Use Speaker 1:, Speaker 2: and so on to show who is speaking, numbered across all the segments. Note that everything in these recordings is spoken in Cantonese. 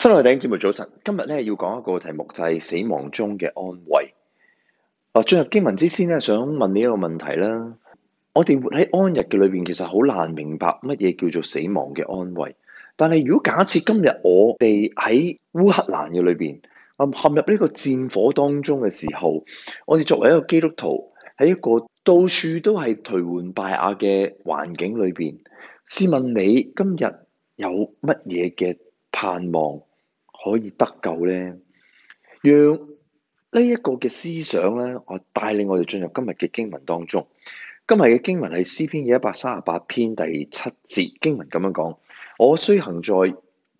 Speaker 1: 新來頂節目早晨，今日咧要講一個題目，就係、是、死亡中嘅安慰。啊，進入經文之先咧，想問你一個問題啦。我哋活喺安逸嘅裏邊，其實好難明白乜嘢叫做死亡嘅安慰。但係如果假設今日我哋喺烏克蘭嘅裏邊，啊陷入呢個戰火當中嘅時候，我哋作為一個基督徒喺一個到處都係頹垣敗瓦嘅環境裏邊，試問你今日有乜嘢嘅盼望？可以得救咧，讓呢一個嘅思想咧，我帶領我哋進入今日嘅經文當中。今日嘅經文係詩篇嘅一百三十八篇第七節經文咁樣講：我雖行在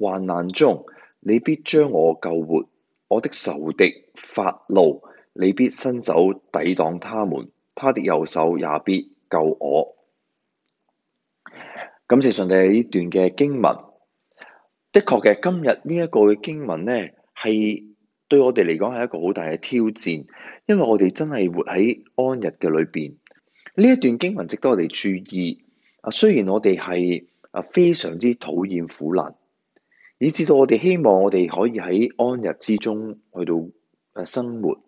Speaker 1: 患難中，你必將我救活；我的仇敵發怒，你必伸手抵擋他們，他的右手也必救我。感謝上帝呢段嘅經文。的確嘅，今日呢一個嘅經文呢，係對我哋嚟講係一個好大嘅挑戰，因為我哋真係活喺安日安逸嘅裏邊。呢一段經文值得我哋注意。啊，雖然我哋係啊非常之討厭苦難，以至到我哋希望我哋可以喺安逸之中去到誒生活。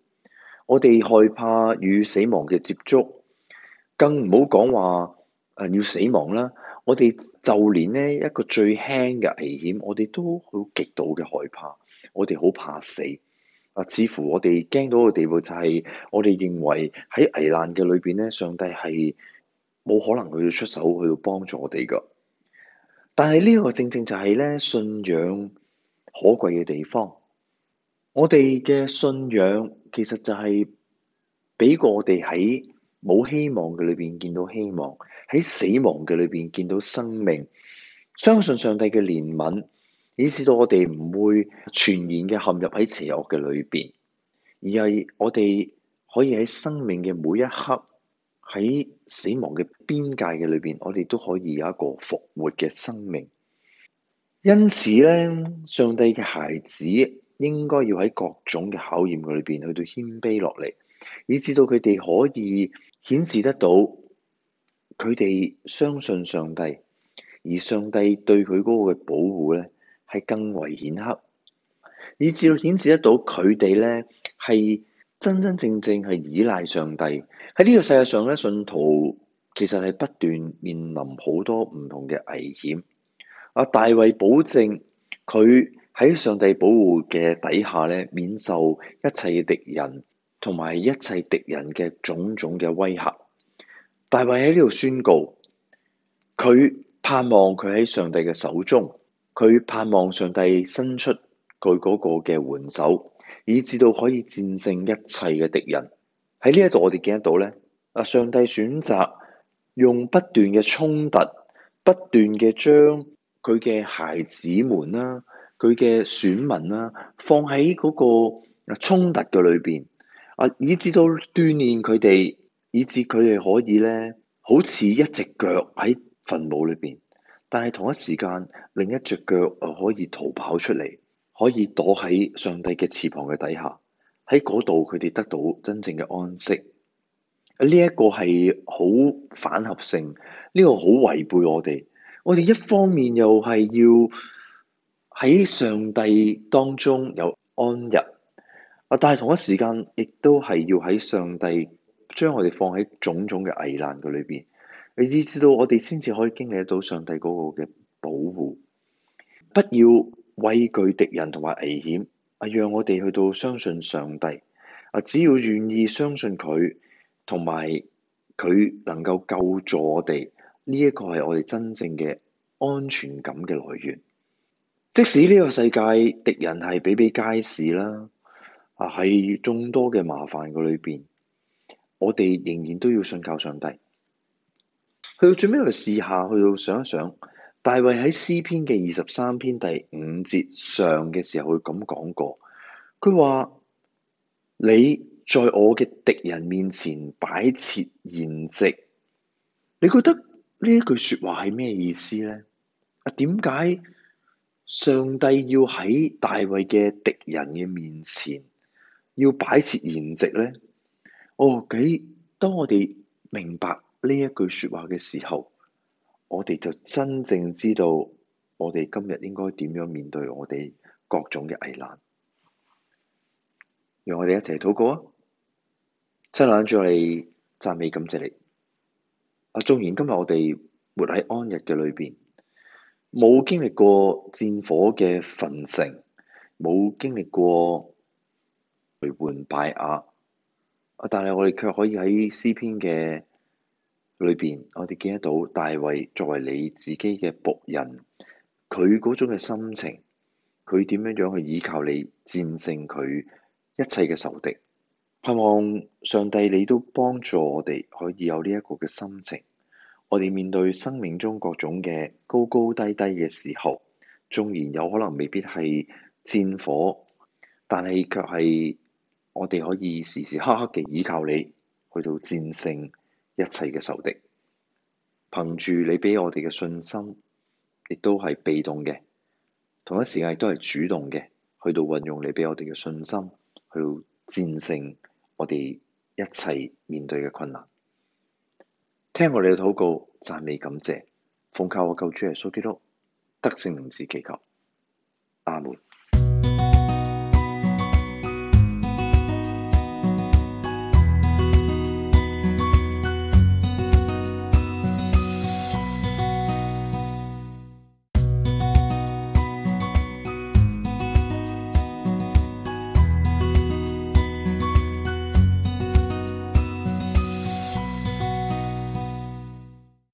Speaker 1: 我哋害怕與死亡嘅接觸，更唔好講話誒要死亡啦。我哋就連呢一個最輕嘅危險，我哋都好極度嘅害怕，我哋好怕死啊！似乎我哋驚到嘅地步就係，我哋認為喺危難嘅裏邊咧，上帝係冇可能去出手去幫助我哋噶。但係呢個正正就係咧信仰可貴嘅地方，我哋嘅信仰其實就係俾過我哋喺。冇希望嘅裏邊見到希望，喺死亡嘅裏邊見到生命，相信上帝嘅憐憫，以致到我哋唔會全然嘅陷入喺邪惡嘅裏邊，而係我哋可以喺生命嘅每一刻喺死亡嘅邊界嘅裏邊，我哋都可以有一個復活嘅生命。因此咧，上帝嘅孩子應該要喺各種嘅考驗嘅裏邊去到謙卑落嚟，以致到佢哋可以。顯示得到佢哋相信上帝，而上帝對佢嗰個嘅保護咧，係更為顯赫，以至到顯示得到佢哋咧係真真正正係依賴上帝。喺呢個世界上咧，信徒其實係不斷面臨好多唔同嘅危險。阿大衛保證佢喺上帝保護嘅底下咧，免受一切嘅敵人，同埋一切敵人嘅種種嘅威嚇，大衛喺呢度宣告，佢盼望佢喺上帝嘅手中，佢盼望上帝伸出佢嗰個嘅援手，以致到可以戰勝一切嘅敵人。喺呢一度，我哋見得到咧，啊，上帝選擇用不斷嘅衝突，不斷嘅將佢嘅孩子們啦，佢嘅選民啦，放喺嗰個衝突嘅裏邊。啊！以至到鍛鍊佢哋，以至佢哋可以咧，好似一隻腳喺墳墓裏邊，但係同一時間另一隻腳啊可以逃跑出嚟，可以躲喺上帝嘅翅膀嘅底下。喺嗰度佢哋得到真正嘅安息。呢一個係好反合性，呢個好違背我哋。我哋一方面又係要喺上帝當中有安逸。啊！但係同一時間，亦都係要喺上帝將我哋放喺種種嘅危難嘅裏邊，你知道我哋先至可以經歷得到上帝嗰個嘅保護，不要畏懼敵人同埋危險。啊！讓我哋去到相信上帝。啊！只要願意相信佢，同埋佢能夠救助我哋，呢一個係我哋真正嘅安全感嘅來源。即使呢個世界敵人係比比皆是啦。啊，喺眾多嘅麻煩嘅裏邊，我哋仍然都要信靠上帝。去到最尾，我哋試下去到想一想，大衛喺詩篇嘅二十三篇第五節上嘅時候，佢咁講過，佢話：你在我嘅敵人面前擺設筵席，你覺得呢一句說話係咩意思呢？啊，點解上帝要喺大衛嘅敵人嘅面前？要擺設筵席咧。哦，幾當我哋明白呢一句說話嘅時候，我哋就真正知道我哋今日應該點樣面對我哋各種嘅危難。讓我哋一齊禱告啊！真主安主愛你，讚美感謝你。啊，縱然今日我哋活喺安逸嘅裏邊，冇經歷過戰火嘅焚城，冇經歷過。雷換拜亞，但係我哋卻可以喺詩篇嘅裏邊，我哋見得到大衛作為你自己嘅僕人，佢嗰種嘅心情，佢點樣樣去依靠你戰勝佢一切嘅仇敵，盼望上帝你都幫助我哋可以有呢一個嘅心情，我哋面對生命中各種嘅高高低低嘅時候，縱然有可能未必係戰火，但係卻係。我哋可以時時刻刻嘅倚靠你，去到戰勝一切嘅仇敵。憑住你畀我哋嘅信心，亦都係被動嘅；同一時間亦都係主動嘅，去到運用你畀我哋嘅信心，去到戰勝我哋一切面對嘅困難。聽我哋嘅禱告，讚美感謝，奉靠我救主耶穌基督，得勝名字祈求。